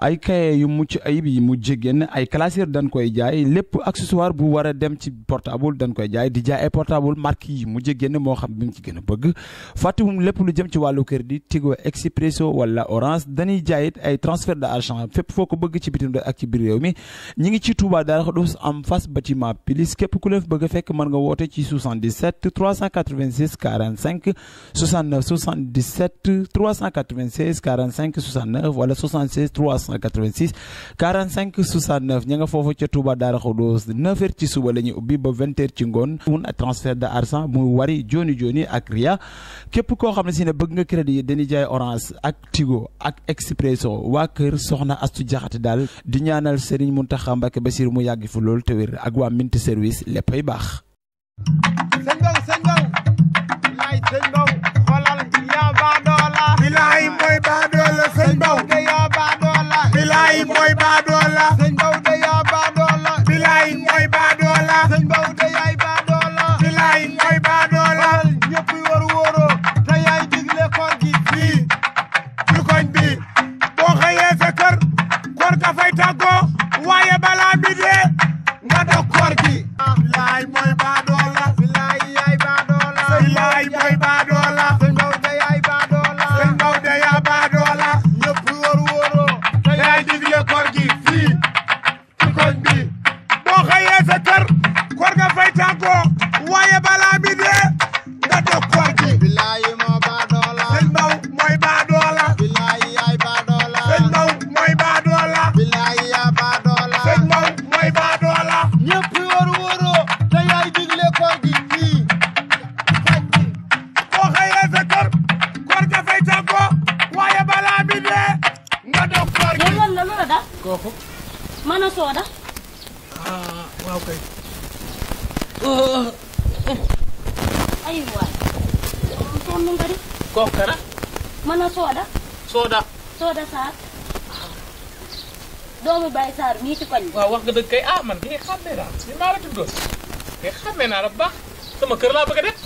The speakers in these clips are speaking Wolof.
ay cahier yu mucc ayib yi mujj génn ay classeur dañ koy jaay lépp accessoire bu war a dem ci portable dañ koy jaay di jaay ay portable marque yi mujj génn moo xam bi mu ci gën a bëgg fàttali lépp lu jëm ci wàllu crédit Tigo Expresso wala Orange dañuy jaayit ay transfert d'argent fépp foo ko bëgg ci bitim ak ci biir réew mi ñi ngi ci Touba Darou Khoudoss am face bâtiment ku la bëgg a fekk mën nga woote ci 77 386 45 69 77 396 wala 76 386 45 69 ña nga foofu ca Touba Daara Khoudous 9h ci suba la ñuy ubbi ba 20h ci ngoon un transfert de argent muy wari joni joni ak ria képp koo xam ne si ne bëgg nga crédit yi dañuy jaay orange ak tigo ak expresso waa kër soxna astu jaxate daal di ñaanal Serigne Mountakha Mbacké Bassirou mu yàgg fi lool te wér ak waa Mint service léppay baax ka fay tàggoo sooda. ah waaw kay. Uh. aywa. sonn nga di. kooku kana. mën a sooda. sooda. sooda saar. doomu Baye Sarr mii ci koñ. waaw wax nga dëgg kay ah man kay xàmmee naa li maa la tuddoo kay xàmmee naa la baax sama kër laa bëgg a dem.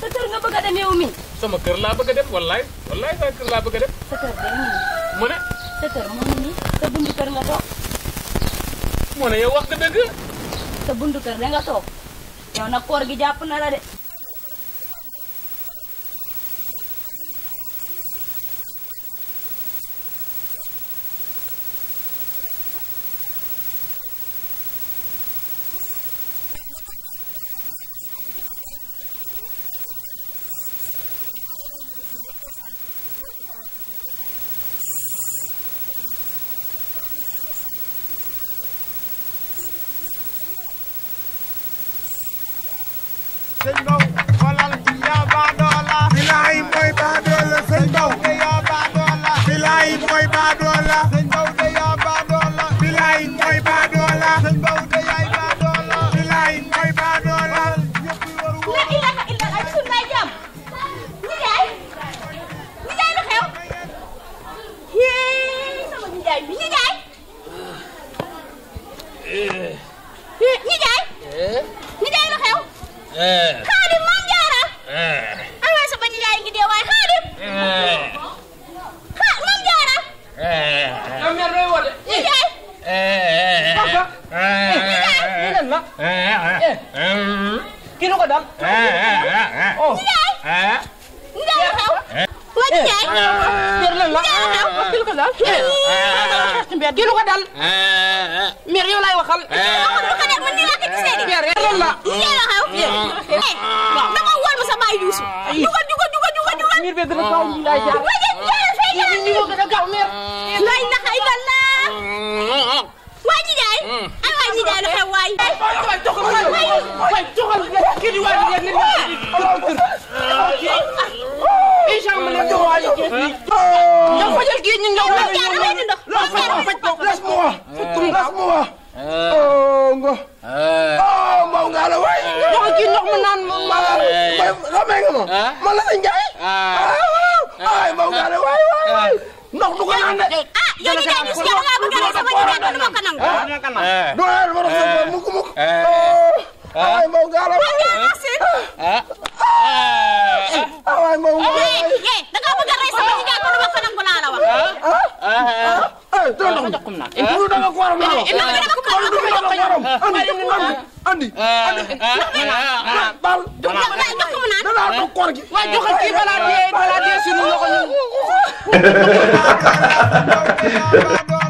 sa kër nga bëgg dem yow mii. sama kër laa bëgg dem wallaay wallaay kër laa bëgg dem. sa kër de mu ne. sa kër moom sa buntu kër nga toog. moo ne yow wax nga dëgg. sa bundu kër da nga toog. yow nag koor gi jàpp na la de. sëñ Mbow xoolal yaa baadoola bilaay mooy baadoola sëñ Mbow de yaa baadoola bilaay mooy baadoola sëñ Mbow de yaa baadoola bilaay mooy baadoola sëñ Mbow de yaay baadoola bilaay mooy baadoola ñëpp waru la ilaha illa allah bisul may jam ni day ni day lu xew yee sama ni day bi ni day eh. xaadim maam jaara awaa sa bañ yaay ngi dee waaye xaadim xaa maam jaara ñoom ñaar doy woote yaay papa yaay lan ma kii nu ko dal yaay yaay lan la ah, ah, ah. kii lu ko dal kii lu ko dal meer yow laay waxal meer lan la eh, dama wool ma sa baay Yuusu jugal jugal jugal jugal jugal meer be gën a gaaw ñu lay jaar ñu ko gën a gaaw meer la ilaha illallah waa ji jaay ay waa ji jaay la xew waay bu ko naan de. ah yow ñu ngi lay gis nga bëgg a sama jigéen bi du ma ko nangu. bu la ma doon soxla mukk mukk. awaay mbaw gaala. waaw yaa ngi si. awaay mbaw gaala. da nga bëgg a rey sama jigéen ko du ma ko nangu laa la wax. tonton da nga ko waram laa wax. andi eh. andi eh. andi. bal. Eh. danaa doon koor gi. waaw jox ko kii balaa dee balaa dee sunu loxo ñun.